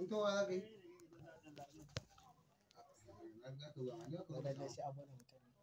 in to za ka yi